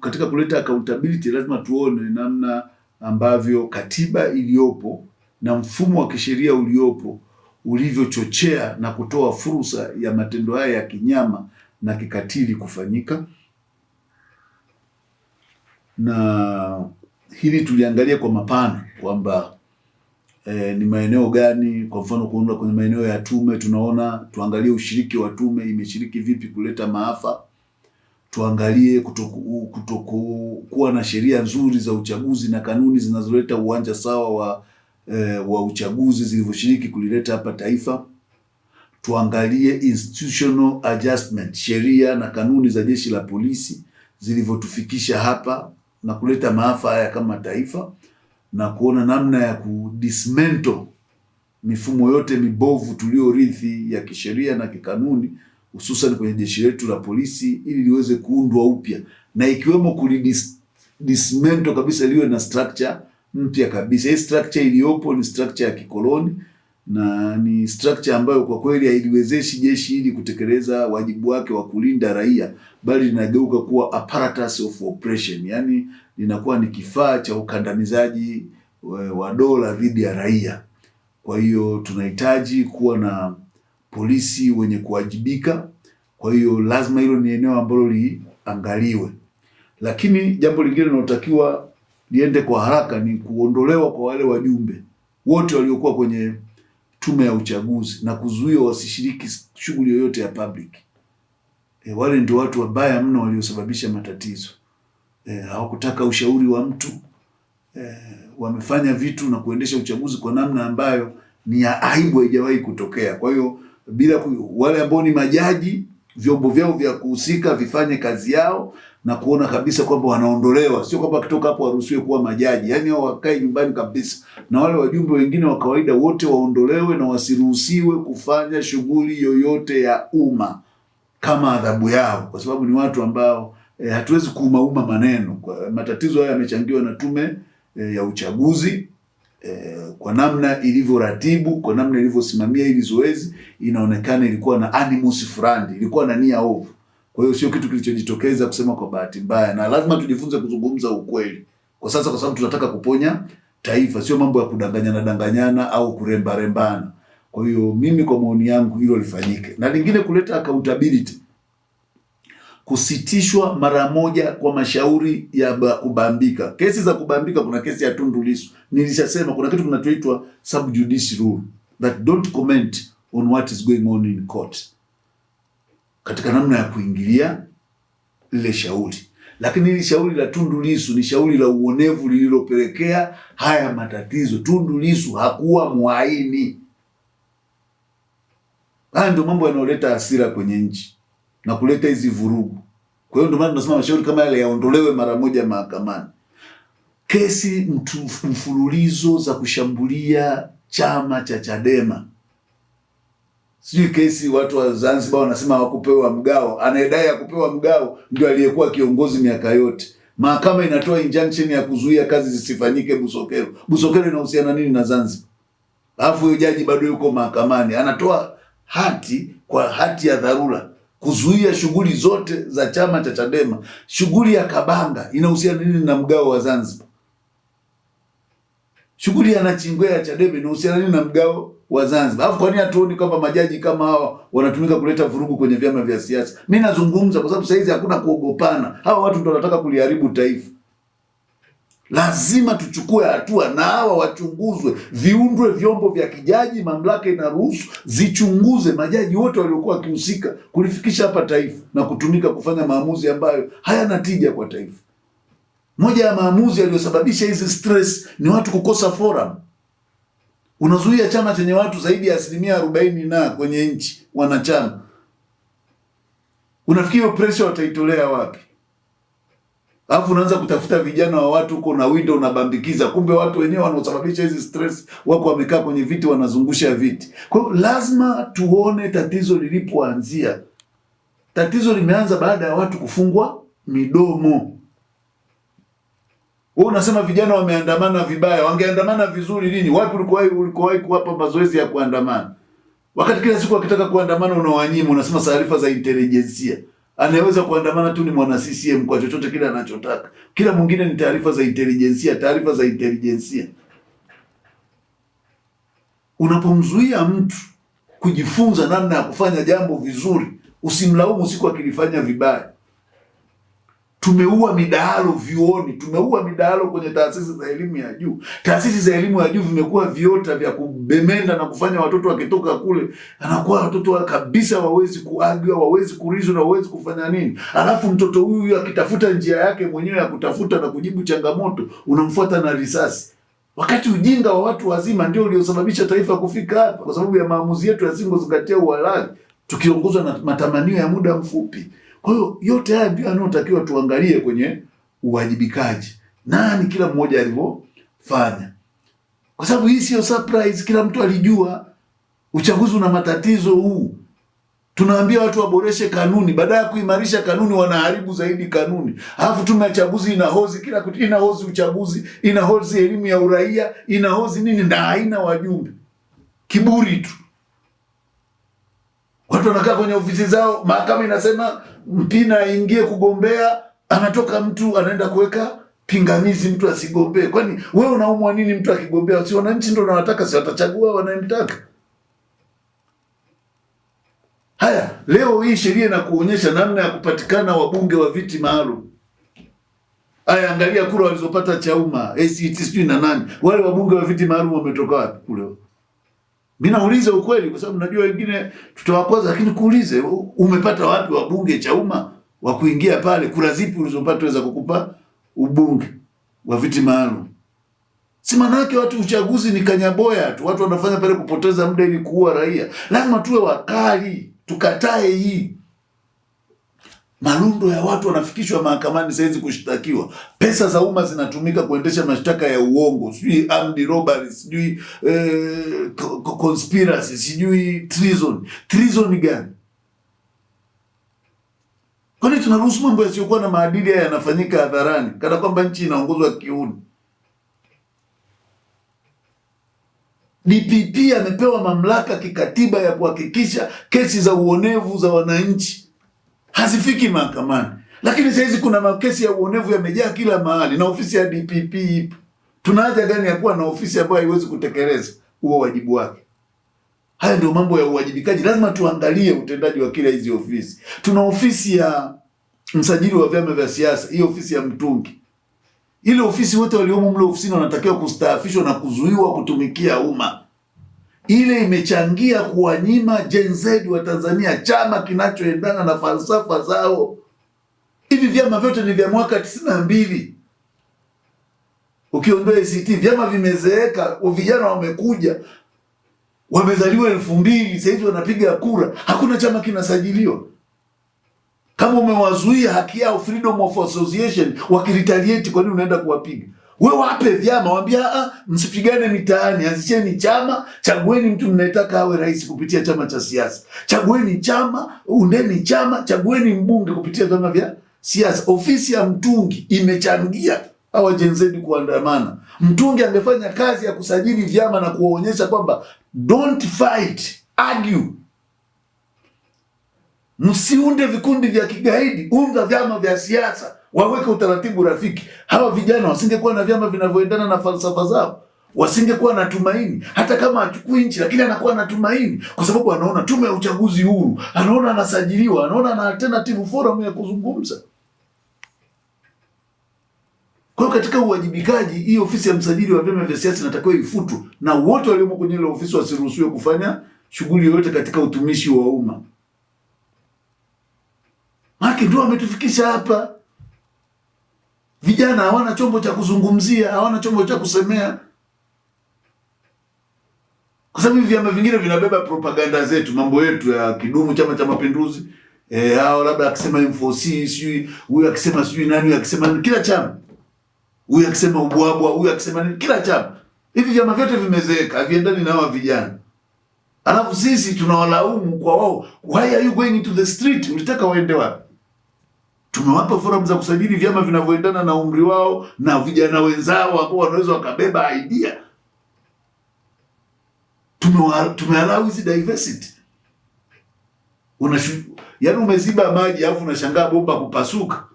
katika kuleta accountability lazima tuone namna ambavyo katiba iliyopo na mfumo wa kisheria uliopo ulivyochochea na kutoa fursa ya matendo haya ya kinyama na kikatili kufanyika. Na hili tuliangalia kwa mapana kwamba eh, ni maeneo gani, kwa mfano kuona kwenye maeneo ya tume, tunaona tuangalie ushiriki wa tume, imeshiriki vipi kuleta maafa tuangalie kutoku, kutoku na sheria nzuri za uchaguzi na kanuni zinazoleta uwanja sawa wa e, wa uchaguzi zilivyoshiriki kulileta hapa taifa. Tuangalie institutional adjustment, sheria na kanuni za jeshi la polisi zilivyotufikisha hapa na kuleta maafa haya kama taifa, na kuona namna ya kudismento mifumo yote mibovu tuliyorithi ya kisheria na kikanuni hususan kwenye jeshi letu la polisi ili liweze kuundwa upya na ikiwemo kulidismantle kabisa, liwe na structure mpya kabisa. Hii structure iliyopo ni structure ya kikoloni na ni structure ambayo kwa kweli hailiwezeshi jeshi hili kutekeleza wajibu wake wa kulinda raia, bali linageuka kuwa apparatus of oppression, yani linakuwa ni kifaa cha ukandamizaji eh, wa dola dhidi ya raia. Kwa hiyo tunahitaji kuwa na polisi wenye kuwajibika. Kwa hiyo lazima hilo ni eneo ambalo liangaliwe, lakini jambo lingine linalotakiwa liende kwa haraka ni kuondolewa kwa wale wajumbe wote waliokuwa kwenye tume ya uchaguzi na kuzuiwa wasishiriki shughuli yoyote ya public. E, wale ndio watu wabaya mno waliosababisha matatizo. E, hawakutaka ushauri wa mtu. E, wamefanya vitu na kuendesha uchaguzi kwa namna ambayo ni ya aibu, haijawahi kutokea. Kwa hiyo bila ku, wale ambao ni majaji vyombo vyao vya kuhusika vifanye kazi yao na kuona kabisa kwamba wanaondolewa, sio kwamba wakitoka hapo waruhusiwe kuwa majaji. Yani wao wakae nyumbani kabisa, na wale wajumbe wengine wa kawaida wote waondolewe na wasiruhusiwe kufanya shughuli yoyote ya umma kama adhabu yao, kwa sababu ni watu ambao e, hatuwezi kuumauma maneno. Matatizo haya yamechangiwa na tume e, ya uchaguzi eh, kwa namna ilivyoratibu, kwa namna ilivyosimamia hili zoezi, inaonekana ilikuwa na animus fulani, ilikuwa na nia ovu. Kwa hiyo sio kitu kilichojitokeza kusema kwa bahati mbaya, na lazima tujifunze kuzungumza ukweli kwa sasa, kwa sababu tunataka kuponya taifa, sio mambo ya kudanganyana danganyana au kurembarembana. Kwa hiyo mimi, kwa maoni yangu, hilo lifanyike, na lingine kuleta accountability kusitishwa mara moja kwa mashauri ya kubambika. Kesi za kubambika, kuna kesi ya Tundu Lissu, nilishasema kuna kitu kinachoitwa sub judice rule that don't comment on what is going on in court, katika namna ya kuingilia lile shauri. Lakini ili shauri la Tundu Lissu ni shauri la uonevu lililopelekea haya matatizo. Tundu Lissu hakuwa mwaini. Haya ndio mambo yanayoleta hasira kwenye nchi na kuleta hizi vurugu. Kwa hiyo ndio maana tunasema mashauri kama yale yaondolewe mara moja mahakamani. Kesi mfululizo za kushambulia chama cha Chadema, sijui kesi watu wa Zanzibar wanasema hawakupewa mgao, anayedai hakupewa mgao ndio aliyekuwa kiongozi miaka yote. Mahakama inatoa injunction ya kuzuia kazi zisifanyike Busokero. Busokero inahusiana nini na Zanzibar? Alafu huyo jaji bado yuko mahakamani, anatoa hati kwa hati ya dharura kuzuia shughuli zote za chama cha Chadema. Shughuli ya Kabanga inahusiana nini na mgao wa Zanzibar? Shughuli ya Nachingwea ya Chadema inahusiana nini na mgao wa Zanzibar? Alafu kwa nini hatuoni kwamba majaji kama hawa wanatumika kuleta vurugu kwenye vyama vya siasa? Mi nazungumza kwa sababu saizi hakuna kuogopana. Hawa watu ndio wanataka kuliharibu taifa. Lazima tuchukue hatua na hawa wachunguzwe, viundwe vyombo vya kijaji, mamlaka inaruhusu zichunguze majaji wote waliokuwa wakihusika kulifikisha hapa taifa na kutumika kufanya maamuzi ambayo hayana tija kwa taifa. Moja ya maamuzi yaliyosababisha hizi stress ni watu kukosa forum. Unazuia chama chenye watu zaidi ya asilimia arobaini na kwenye nchi wanachama, unafikiri hiyo wataitolea wapi? Alafu unaanza kutafuta vijana wa watu huko na window unabambikiza, kumbe watu wenyewe wanaosababisha hizi stress wako wamekaa kwenye viti wanazungusha viti. Kwa hiyo lazima tuone tatizo lilipoanzia. Tatizo limeanza baada ya watu kufungwa midomo. Wewe unasema vijana wameandamana vibaya, wangeandamana vizuri lini? Wapi ulikowahi ulikowahi kuwapa mazoezi ya kuandamana? Wakati kila siku wakitaka kuandamana unawanyima, unasema taarifa za intelijensia anaweza kuandamana tu ni mwana CCM kwa chochote kile anachotaka. Kila mwingine ni taarifa za intelijensia, taarifa za intelijensia. Unapomzuia mtu kujifunza namna ya kufanya jambo vizuri, usimlaumu siku akilifanya vibaya. Tumeua midahalo vyuoni, tumeua midahalo kwenye taasisi za elimu ya juu. Taasisi za elimu ya juu vimekuwa viota vya kubemenda na kufanya watoto wakitoka kule, anakuwa watoto kabisa, wawezi kuagwa, wawezi kurizwa na wawezi kufanya nini. Alafu mtoto huyu akitafuta njia yake mwenyewe ya kutafuta na kujibu changamoto, unamfuata na risasi, wakati ujinga wa watu wazima ndio uliosababisha taifa kufika hapa, kwa sababu ya maamuzi yetu yasingozingatia uhalali, tukiongozwa na matamanio ya muda mfupi. Kwa hiyo yote haya ndio yanayotakiwa tuangalie kwenye uwajibikaji, nani kila mmoja alivyofanya, kwa sababu hii siyo surprise. Kila mtu alijua uchaguzi una matatizo huu. Tunaambia watu waboreshe kanuni, baadaye ya kuimarisha kanuni wanaharibu zaidi kanuni. Alafu tume ya chaguzi inahozi kila kitu, inahozi uchaguzi, inahozi elimu ya uraia, inahozi nini, na haina wajumbe, kiburi tu. Watu wanakaa kwenye ofisi zao, mahakama inasema Mpina aingie kugombea, anatoka mtu anaenda kuweka pingamizi mtu asigombee. Kwani wewe unaumwa nini mtu akigombea? Si wananchi ndo nawataka, si watachagua wanayemtaka. Haya, leo hii sheria inakuonyesha namna ya kupatikana wabunge wa viti maalum. Haya, angalia kura walizopata Chauma, ACT sijui na nani, wale wabunge wa viti maalum wametoka wapi kule? Mimi nauliza ukweli kwa sababu najua wengine tutawakwaza, lakini kuulize, umepata wapi wabunge Chauma wa kuingia pale? Kura zipi ulizopata tuweza kukupa ubunge wa viti maalum? Si manake watu uchaguzi ni kanyaboya tu, watu wanafanya pale kupoteza muda ili kuua raia. Lazima tuwe wakali, tukatae hii marundo ya watu wanafikishwa mahakamani saizi kushtakiwa. Pesa za umma zinatumika kuendesha mashtaka ya uongo, sijui armed robbery, sijui eh, conspiracy, sijui treason. Treason gani? Kwani tunaruhusu mambo yasiyokuwa na maadili haya yanafanyika hadharani kana kwamba nchi inaongozwa kiuni? DPP amepewa mamlaka kikatiba ya kuhakikisha kesi za uonevu za wananchi hazifiki mahakamani. Lakini sahizi kuna makesi ya uonevu yamejaa kila mahali na ofisi ya DPP ipo. Tuna haja gani ya kuwa na ofisi ambayo haiwezi kutekeleza huo wajibu wake? Haya ndio mambo ya uwajibikaji. Lazima tuangalie utendaji wa kila hizi ofisi. Tuna ofisi ya msajili wa vyama vya siasa, hii ofisi ya mtungi. Ile ofisi wote waliomo mle ofisini wanatakiwa kustaafishwa na kuzuiwa kutumikia umma ile imechangia kuwanyima Gen Z wa Tanzania chama kinachoendana na falsafa zao. Hivi vyama vyote ni vya mwaka tisini na mbili, ukiondoa ACT vyama vimezeeka, vijana wamekuja wamezaliwa elfu mbili sahizi wanapiga kura, hakuna chama kinasajiliwa. Kama umewazuia haki yao freedom of association, wakiritaliate, kwa nini unaenda kuwapiga? We wape vyama, ah, ah, msipigane mitaani, anzisheni chama, chagueni mtu mnayetaka awe rais kupitia chama cha siasa, chagueni chama, undeni chama, chagueni mbunge kupitia vyama vya siasa. Ofisi ya mtungi imechangia hawa jenzeni kuandamana. Mtungi angefanya kazi ya kusajili vyama na kuwaonyesha kwamba don't fight, argue msiunde vikundi vya kigaidi, unda vyama vya siasa, waweke utaratibu rafiki. Hawa vijana wasingekuwa na vyama vinavyoendana na falsafa zao wasingekuwa na tumaini. Hata kama achukui nchi, lakini anakuwa na tumaini kwa sababu anaona tume ya uchaguzi huru, anaona anasajiliwa, anaona ana alternative forum ya kuzungumza. Kwa hiyo katika uwajibikaji, hii ofisi ya msajili wa vyama vya siasa inatakiwa ifutwe na wote waliomo kwenye ile ofisi wasiruhusiwe kufanya shughuli yoyote katika utumishi wa umma. Maana ndio ametufikisha hapa. Vijana hawana chombo cha kuzungumzia, hawana chombo cha kusemea, kwa sababu hivi vyama vingine vinabeba propaganda zetu, mambo yetu ya kidumu, Chama cha Mapinduzi eh, hao labda akisema M4C sijui huyu akisema sijui nani, huyu akisema kila chama, huyu akisema ubwabwa, huyu akisema nini, kila chama. Hivi vyama vyote vimezeeka, haviendani na hawa vijana. Alafu sisi tunawalaumu kwa wao, why are you going to the street? Ulitaka waende wapi? tumewapa forum za kusajili vyama vinavyoendana na umri wao na vijana wenzao ambao wanaweza wakabeba idea. Tumealau hizi diversity. Unashu, yaani umeziba maji alafu unashangaa bomba kupasuka.